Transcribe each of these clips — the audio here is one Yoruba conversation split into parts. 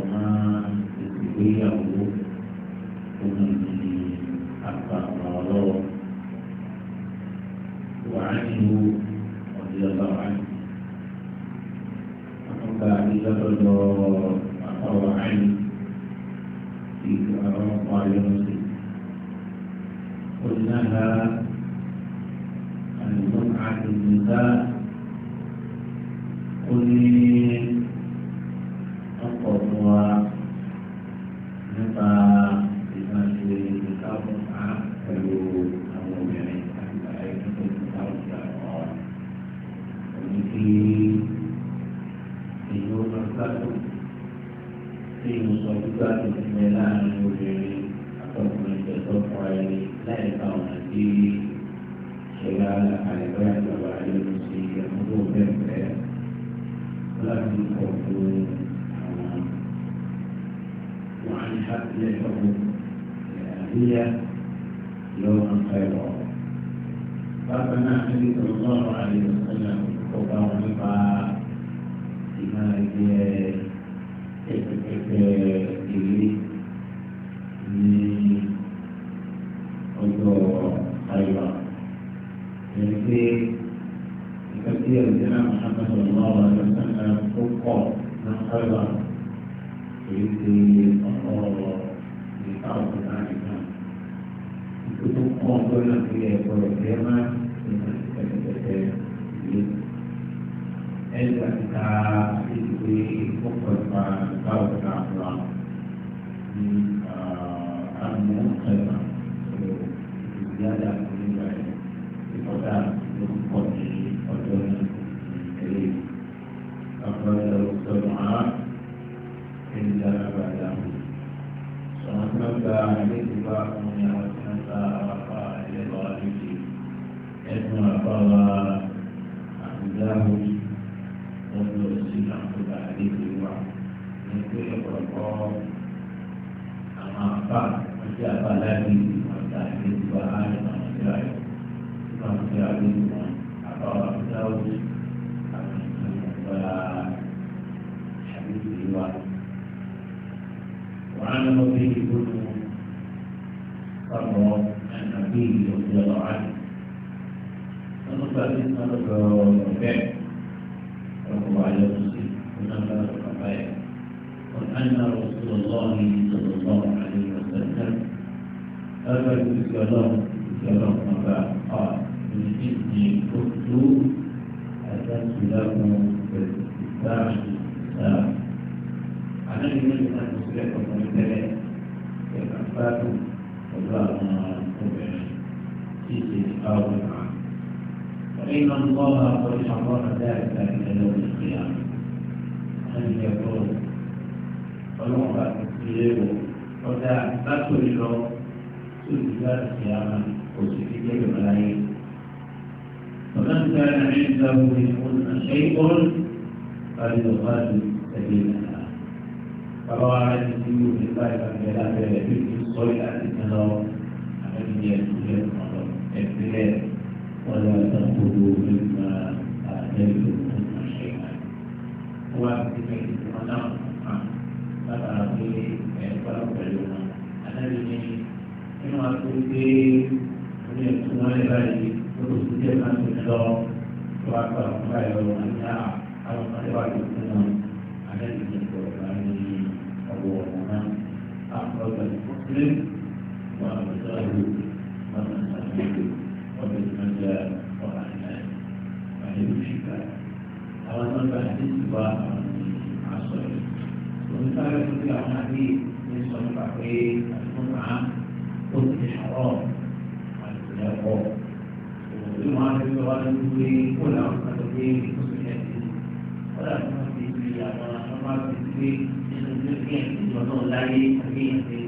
papọ̀ mọ́ ìgbéyàwó omi ní àpapọ̀ ọlọ́wọ́. Wàá nínú ọ̀dẹ́ ọba wa ní. Àkọ́kọ́ àdéjọ́dọ̀ àpapọ̀ àìní ti àwọn ọmọ gbígbà tó ti mẹ láàrin obìnrin àtọkùnrin tẹ̀sán fún ara ẹni láì bá ọ̀nà tí ṣẹlá àìbá ìjọba ayélu sí ẹ̀mọ́tò bẹ́ẹ̀ láti kọ̀ fún àwọn wàhálì hàtìlẹ̀ ọ̀hún àríyá lọ́wọ́ ẹ̀rọ. Bákan náà, ẹni tó lọ́rọ̀ àyè ọ̀sán náà kọ̀ nípa ìmọ̀ ẹgbẹ́ ilé ní ọjọ́ àyà ẹni pé ìkàtí ẹ̀jẹ̀ náà Muhammad ọ̀nàmọ́ ọ̀nàmọ́ tó pọ̀ náà àyà èyí ti ọ̀rọ̀ nípa ọ̀gbọ̀n àyà tó tó pọ̀ tó náà fi ẹ̀kọ́ rẹ̀ jẹ́ máa ń ṣe ẹ̀ka ìta ìpè ọkọ̀ ìpa ìpàwọ̀ ìta àbúrò ní ah, àmú ẹ̀ka. nípa àdéhùn wa ní pé ọ̀pọ̀lọpọ̀ àwọn afá wọn jẹ́ afá láti ìgbìmọ̀ ìta àdéhùn wa láti àwọn ìjọ rẹ̀ tí wọ́n ti àdéhùn wọn àbá wa fi dáwọ́ àwọn ìgbìmọ̀ ìgbọ́ra àdéhùn wa. وعن ربه كل صبر عن أبيه رضي الله عنه فنقل اسمه ربه رضي الله عنه وأن رسول الله صلى الله عليه وسلم أبى الكلام كلام قال من إني كنت أتت لكم بالاتباع الإسلام أنا يريد أن أسلكم مثلا كفاكم وبعضنا تبعي في تلقاء وإن الله قد حرم ذلك إلى يوم القيامة ẹni ẹ̀kọ́ ọlọ́run bá ti fi léwọ̀ ọ̀dà látòlí lọ tó ti gbá ìṣe àmà òsì fi kéde ọ̀la yìí. ومن كان عنده منهن شيء فليقاتل سبيل الله فروى عن النبي صلى الله عليه وسلم في الصلاه التناول عن النبي صلى الله عليه وسلم ولا تأخذوا مما آتيتم pé wọ́n náà hàn látara pé ẹ̀ẹ́dọ́gbà pẹ̀lú wọn. Àtàlẹ́ ni kí wọ́n tó gbé orí ẹ̀kún wọn lè báyìí ó lò sí díẹ̀ máa ń tẹ̀lé lọ tó wá gbà wọn báyìí lọ́wọ́ wọn ní àwọn ọmọdé wà ló fún wọn. Àtàlẹ́ ni kò bá ní ọwọ́ wọn náà. Àpọ̀lọpọ̀ ìfọ̀sílẹ̀ wọn àbùsọ̀ àbúrò wọn àbùsọ̀ وبالمجال وعلى وعلى الشفاء. أولا بعد السباحة olùsọ̀rọ̀ tó ti àwọn àbí ní sọ nípa pé àtúntò máa ó ti di ṣọ̀rọ̀ àtúntò ẹ̀kọ́. Òṣèlú wọn á fi sọ wá lórí pé kó làwọn kan tó gbé ìkóso yẹn ti kọ́dà tó wọ́n ti fi àwọn ọmọ àti ìdílé nínú ilé kí ẹ̀ ti jọ náà láyé àbí ìyànjẹ.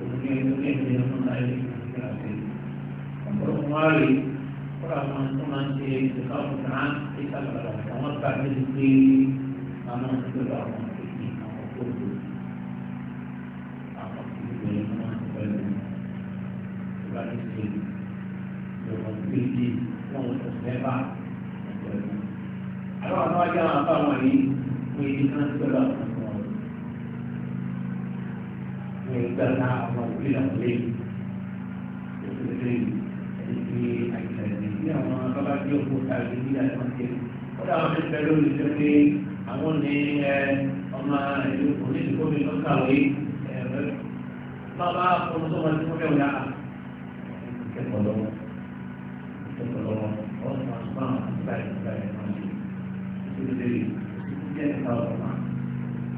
Òṣèlú yẹn ló kẹ́ ìdílé náà láyé àbí ìyànjẹ. Ọ̀pọ̀lọpọ̀ wọn á rèé kọ́dà wọn tó máa ń ṣe ìṣèkọ́ a máa ń sọ̀rọ̀ àwọn òbí àwọn òbí àwọn òbí wọn máa ń pẹ̀lú ìbánisẹ̀ ìrọ̀rùn péjì wọn ò tún mẹ́fà pẹ̀lú. àwọn àwọn ajá àwọn àbáwọn yìí wọ́n yìí máa ń sọ̀rọ̀ àwọn ọmọ wọn. wọ́n yìí gbàgbá àwọn òbí làwọn lé ìdílé ẹni tí àyè ìṣẹ̀lẹ̀ ní àwọn bábá bí òkú tàbí ní àwọn ti kódà wọn ti bẹ̀rẹ̀ lórí ìṣẹ́ pé àwọn ní ọmọ ìlú onídìgbòmí tó kàwé bábá fún tó wọn ti fún ẹ̀wọ̀n yàrá kẹ́kọ̀ọ́ lọ́wọ́ kẹ́kọ̀ọ́ lọ́wọ́ ọ̀sán àtúbà àtúbà ìgbà ìgbà ìgbà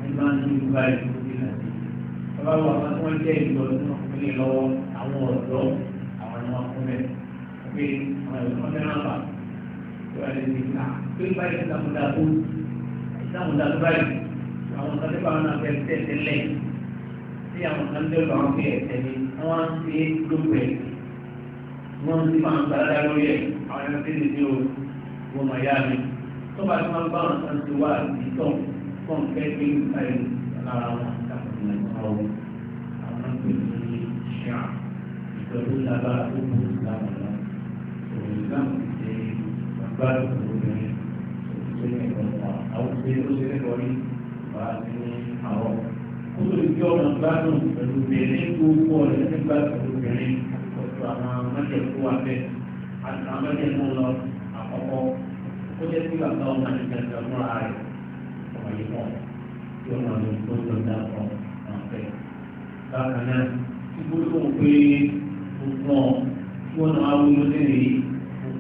ìgbà ìgbà ìgbà ìgbà ọlọ́wọ́ àwọn tí wọ́n jẹ́ ìlú ọdún ọkùnrin lọ́wọ́ àwọn ọ̀dọ́ àwọn ni wọ́n kún mẹ́rin pé ọ̀nà nàbà ìwádìí ní ká pé báyìí ìsàmúdàbò ìsàmúdàbò báyìí àwọn kan nípa àwọn abẹ tẹ̀tẹ̀lẹ̀ tí àwọn kan lé ọ̀rọ̀ fi ẹ̀tẹ̀ ni wọ́n á ti lópẹ̀ wọ́n ti máa ń gbàdá lórí ẹ̀ àwọn ẹni tí nìyí o wọ́n máa yá mi tó bá ti máa bá àwọn kan ti wá ìtọ̀ fún ọ̀kẹ́ ìtọ́jú lábára tó kù láwọn ìsìlámù ti bá obìnrin tó ní ìgbọ̀nwá àwọn tí ó ṣe lẹ́kọ̀ọ́ rí bá a ti ní àwọn. ó lè jẹ́ ọ̀nà gbádùn pẹ̀lú obìnrin gbogbo ọ̀rẹ́ nígbà pẹ̀lú obìnrin ọ̀tọ̀ àwọn mẹ́tẹ̀ẹ̀kọ́ wa bẹ́ẹ̀ àti àwọn mẹ́tẹ̀ẹ̀kọ́ lọ àkọ́kọ́ ó jẹ́ kí bàbá ọmọ ìgbàgbọ́ múra rẹ̀ ọ̀rọ̀ yìí mọ̀ tí ó máa lọ tó lọ dá ọ̀ ọ̀fẹ́. bákan náà tí gbogbo òun pé gbogbo ọ̀ tí wọ́n náà wúlò lé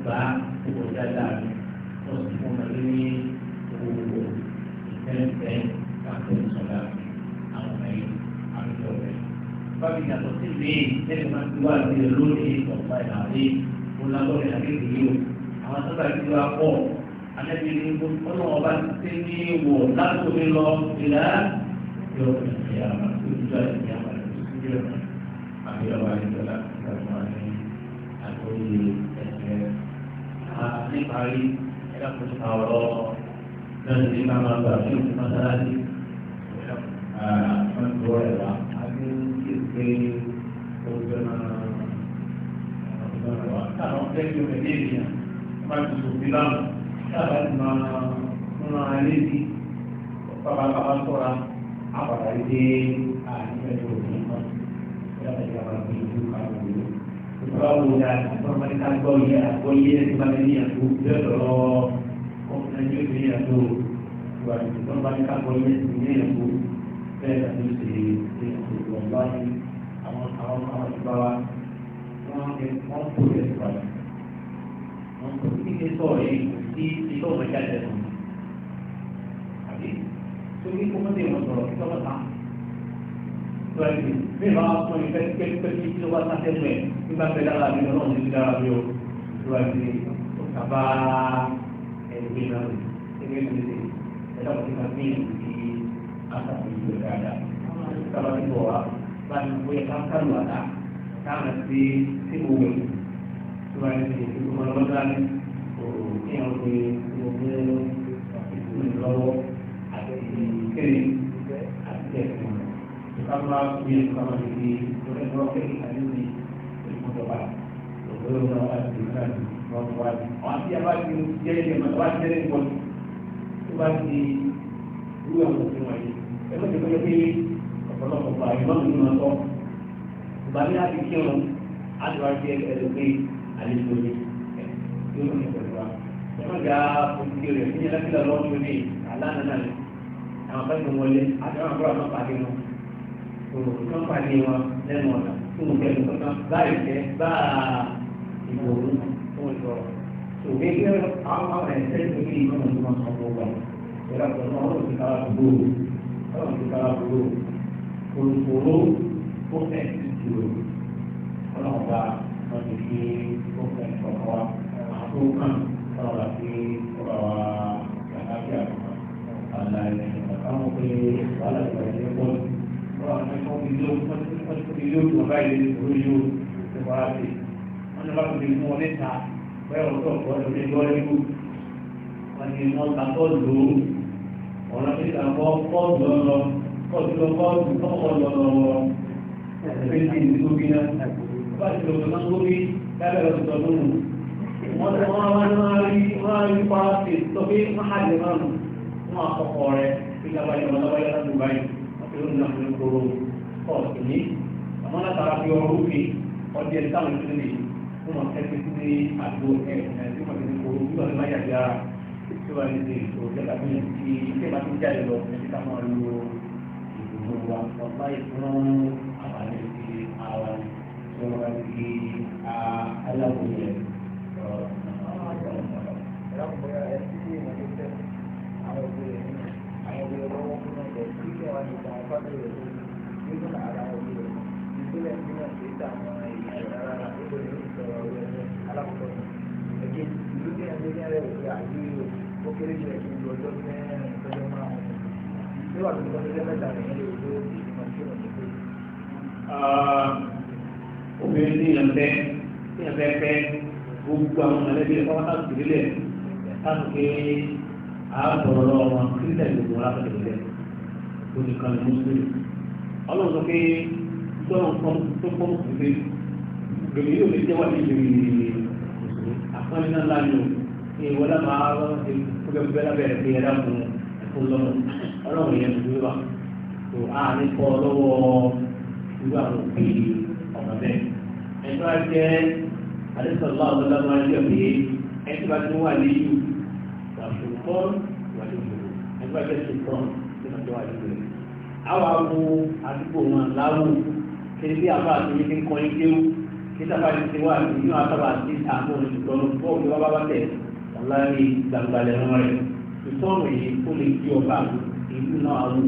bá owó dáadáa rẹ̀ wọ́n sì fún wọn ní owó ìfẹ́ǹfẹ́ káfíń sọ̀dá àwọn ọmọ yìí àwùjọ rẹ̀. Bábí yàtọ̀ sí mi lẹ́nu máa ti wá sí lónìí ọ̀pá ìlàrí olùlàbọ̀rẹ̀ àgbègbè yìí o àwọn sábà ti wá pọ̀ alẹ́bìnrin ní ọlọ́wọ́ bá ti ní wọ̀ látòmí lọ ìlà yọ̀ọ̀kì ìyá àti ìyá àti ìjọ parí ẹ̀dàkùn ọ̀rọ̀ náà ní máa gbà sí òkú mọ́sálásí àwọn ìwọ rẹ̀ wá. a ní kí pé ó gbé máa ọ̀gbọ́n rẹ̀ wá. táwọn fẹ́ kí o lè dé ìyá wọ́n máa ti sòfin láàmú táwọn ti máa fún ara létí bàbá bàbá sọ́ra àpàtàkì dé àìsàn ìwòsàn náà. ẹ̀dàkùn ìyá máa gbé ìlú àwọn ìlú báwo la ìfọ̀mọ́lẹ́ká gbọ́ yẹ àgbọ́yé ẹ̀sìnbálẹ̀ ní ẹ̀kọ́ bẹ́ẹ̀ lọ́wọ́ ọkùnrin yóò fi ẹ̀kọ́ ìwà ìfọ̀mọ́lẹ́ká gbọ́ yẹ ní ẹ̀kọ́ bẹ́ẹ̀ lọ́wọ́ ṣe ṣe ìwà báyìí àwọn àwọn awak, ìgbà awak wọ́n ń wọ́n awak lè fà á wọ́n si kíkẹ́ sọ̀rọ̀ yìí sí ilé ọ̀mọ̀jáde ni, àbí torí kọ́mọ́tì wọn sọ̀rọ̀ kí pẹ̀lú bí ìbá wọn fún ìfẹ́ pẹ́pẹ́pẹ́ tí ó wá sátẹ́nu ẹ̀ nígbà pẹ́ dára mi lọ́nà ní dára mi o pẹ̀lú ọ̀sàbá ẹ̀gbẹ́ náà ẹgbẹ́ mi lè ẹ̀dá wọn ti máa gbé ìlú ní àtàkùn ìlú dáadáa sábà ti bọ̀ wá bá mi wọ ẹ̀ká kálù sama biar sama di boleh dua kali hari ini untuk Untuk apa? Bukan untuk apa? Masih jadi macam apa jadi pun cuma di dua musim lagi. Kalau kita jadi kalau apa? Imam ini masuk banyak ikan ada lagi edukasi ada lagi itu pun kira ni lagi dalam dunia, alam alam. Apa yang ada orang orang apa kọ́mpani wọn lẹ́nu ọ̀nà tí mo bẹ̀rù kankan bá ìfẹ́ bá ìgbòho fún ìgbọ̀rọ̀. Òbí kí àwọn ọmọ ẹ̀sẹ̀ lórí ìmọ̀ ní wọn sọ fún wa. Ìjọba tó náà ọ̀rọ̀ ti kára gbogbo ọ̀rọ̀ ti kára gbogbo olùkóró ó fẹ́ ti ju ọlọ́ọ̀ba wọn ti fi ó fẹ́ wa àbúrò kan ọ̀rọ̀ àti ọ̀rọ̀ wa àlàyé ọ̀rọ̀ àwọn pé wàhálà ìgbà yẹn pọ̀ ilé òkú ọba ilé orí yóò ti wá sí wọn ní bákan bíi fún wọn níta bẹ́ẹ̀ wọn tọ̀ ọ́ lórí ẹgbẹ́ ọdún yìí wọn ni wọn ta kọ́ọ̀lù ọ̀rọ̀ tí ìgbà kọ́ kọ́ọ̀lù ọ̀lọ́ kọ́ọ̀lù lọ kọ́ọ̀lù kọ́ọ̀lù ọ̀lọ́ ọ̀rọ̀ ẹ̀sẹ̀ tí ìdí gómìn náà bá ti lọ sọ́nà gómìn lábẹ́ ọ̀sùn tó lóhùn wọn ni wọn wá ní wọn rí wọn rí pàṣẹ tó fi máa dé márùn wọn àkọ́kọ́ rẹ ìgbà báyìí wọn lọ́wọ́ yára yóò nà fún ìgboro ọ̀sìn ní àwọn látara fi ọrọ̀ òkè ọdí ẹ̀ta àwọn ìṣẹ̀lẹ̀ lè fún wọn kẹ́kẹ́ sí ní àgbo ẹ̀ ẹ̀ tí wọ́n ti ní koro bí wọ́n ti máa yà bí ara tí wọ́n ti lè tó lẹ́ka bí yẹn kí ilé bá ti jáde lọ ẹ̀ ká máa lo ìdùnnú wa ọ̀pá ìfún àwọn ẹ̀sìn ara tí wọ́n bá ti di aláwọ̀ yẹn lọ́wọ́ obìnrin ní ìyànfẹ́ ní ìyànfẹ́ fẹ́ gbogbo àwọn mọ̀lẹ́bí ẹ̀kọ́ wọn láti tìlélẹ̀ láti pé àbọ̀rọ̀ wọn kí ní tẹ̀lé gbogbo wọn láti tìlélẹ̀ onìkan mùsùlùmí ọlọ́run sọ pé sọ́run kan tó pọ̀ mùsùlùmí gbèmí yóò lè jẹ́ wà ní ìlú mùsùlùmí àpọ́nlé náà lánàá ní ìwọlá máa rọ́n ṣe fúgẹ́fúgẹ́ lábẹ́rẹ́ pé ẹ̀dá fún ẹ̀fún lọ́rùn ọlọ́run yẹn ló wà tó a ní kọ́ lọ́wọ́ irú àwọn òbí ọ̀nà bẹ́ẹ̀ ẹ̀tọ́ á jẹ́ àdéṣọ́lá ọ̀dọ́dá máa àwùjọ àdúgbò rẹ̀ àwọn àwo àdúgbò wọn láwù kiri bí àbá àti ní kọ́ ní kéwù kí sábà ní ti wà ní inú àtàwà àti àbọ̀ olùdókòwò bọ́ọ̀lù bá bá tẹ̀ ọ̀la ní gbangba lẹ́nu rẹ̀ ìtọ́nù yìí ó lè di ọba ìlú náà àwù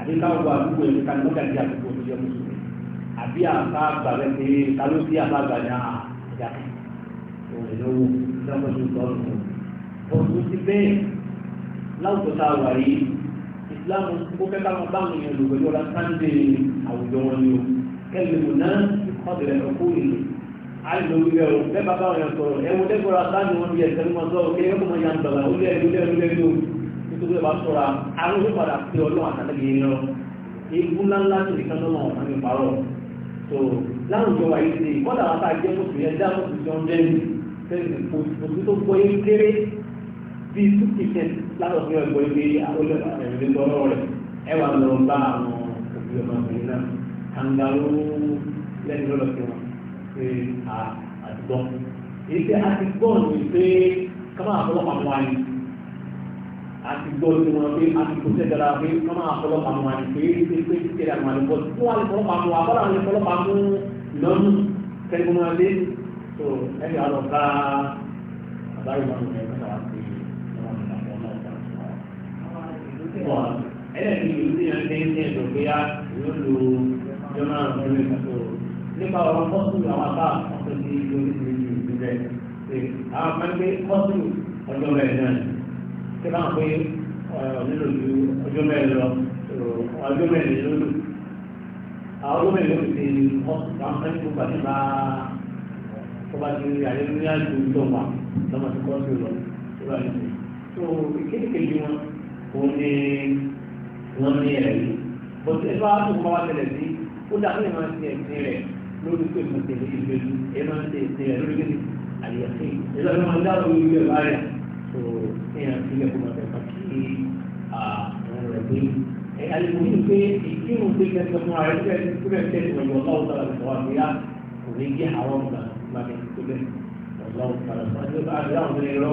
àti káwọ àdúgbò yìí ká ló dàbí àdúgbò tó yẹ mùsùlùmí àbí àbá àgbà rẹ̀ pé ká ló sí àbá àgbà náà àjà òun ìlówó ìdámọ́sí ìtọ́nù òun ti bẹ́ẹ̀ láwùjọ tá a wà yìí ìsìlámù ó fẹ́ káwọn báwọn yẹn lò pẹ̀lú ọ̀la sáńdé àwùjọ wọn ni o kẹlẹ̀ mọ̀ náà ọ̀bẹ̀rẹ̀ ọ̀kú ìlú àìlò wíwẹ́ o bẹ́ẹ̀ bá báwọn yẹn sọ̀rọ̀ ẹ wo dẹ́gbọ́ra sáńdé wọn bí ẹ̀sẹ̀ ní wọn sọ̀rọ̀ kí ẹ̀kọ́ mọ̀ yàn gbàgbà ó lé ẹ̀lú lé ẹ̀lú lé ẹ̀lú nítorí ẹ̀bá sọ̀ra àwọn yóò padà pé ọlọ́run àtàlẹ́yìn lọ ewu ńláńlá tó nìkan lọ́nà ọ̀sán mi parọ́ tó láwùjọ wa yìí ṣe ìkọ́dà wa tá a jẹ́ mọ̀tò yẹn dá mọ̀tò tí wọ́n jẹ́ ní fẹ́ẹ̀sì kò tó gbọ́ yé kéré bíi two percent látọ̀ sí ọgbọ́n ibi olóòtú ẹ̀mí tó ọ̀rọ̀ rẹ̀ ẹ wà lọ bá àwọn òbí ọmọbìnrin náà kangaroo lẹ́nu lọ́dọ̀ sí wọn pé àtìgbọ́ èyí àtìgbọ́ ni pé kámá àfọlọ́pàá wọn ni àtìgbọ́ ni wọn pé àtìgbọ́ tẹ̀ dára pé kámá àfọlọ́pàá wọn ni pé pé pé tẹ̀ dára wọn ni bọ́ tí wọ́n á lè fọlọ́pàá wọn àbọ̀là wọn lè fọlọ́pàá mú lọ́nù kẹ́gbọ́n wọn lé tó ẹ̀yà lọ bá àbáyọ̀ wọn lọ́nù bóyá yóò lo jọ́nà ìfẹ́lẹ́ ìfẹ́lẹ́ nípa ọ̀rọ̀ kọ́sùn àwọn àbá ọ̀sẹ̀ tí lórí ti ju ìbílẹ̀ ṣe àwọn akẹ́kẹ́ kọ́sùn ọjọ́ mẹ́rin náà ṣé báwọn pé nílò ju ọjọ́ mẹ́rin lọ ọjọ́ mẹ́rin lónìí àwọn ọjọ́ mẹ́rin lónìí ti kọ́sùn àwọn akẹ́kẹ́ tó gbà nípa tó bá ti ayé ní ìjọba lọ́mọ ti kọ́sùn lọ tó bá ti sè so kékeré wọn òun ni wọ́n ní ẹ̀rí bọ̀dé ẹ bá tó máa wá tẹ̀lé sí ó dà pé máa ti ẹ̀sìn rẹ̀ lórí pé mo tẹ̀lé ìgbé lu ẹ máa ti ẹ̀sìn rẹ̀ lórí gbèsè àyẹ̀sìn ìlú ọ̀dọ́ máa ń dáàbò ìgbé ẹ̀ báyà tó ẹ̀yàn sílẹ̀ kó máa tẹ̀ka kí àwọn rẹ̀ gbé ẹ̀ alẹ́kùn yìí pé ìkírun tó kẹ́ sọ fún ààrẹ tẹ́lẹ̀ síbẹ̀ tẹ́lẹ̀ ìwọ̀n lọ́wọ́ sára ìfọ̀ àbíyá kò ní jẹ́ àwọn ọ̀gá máa tẹ̀ síbẹ̀ lọ́wọ́ sára ìfọ̀ àbíyá àwọn ọ̀gá ẹ̀rọ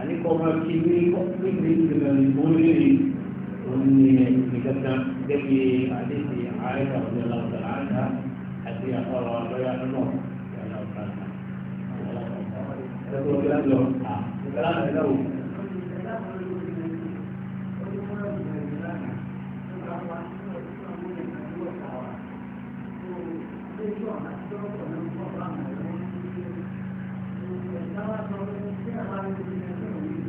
àníkọ́ máa kí ní kọ́ òun ní ìgbẹ́kan gẹ́gẹ́ àdéhìí àárẹ̀ ọ̀dọ́ ọ̀dọ́ àdá àti àkọ́rọ̀ lọ́yà nínú ìyàlá ọ̀dọ́ àdá. ẹ̀rọ ìlànà lọ ìlànà ìlàwọ̀. Thank you.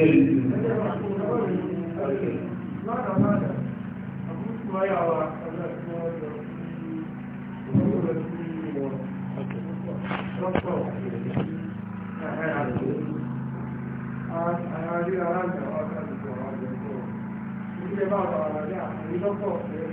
jẹ́rìí Àwọn àríra láti àwọn akẹ́kọ̀ọ́ àwọn akẹ́kọ̀ọ́. Ilé bá àwọn àríra, àrílọ́pọ̀.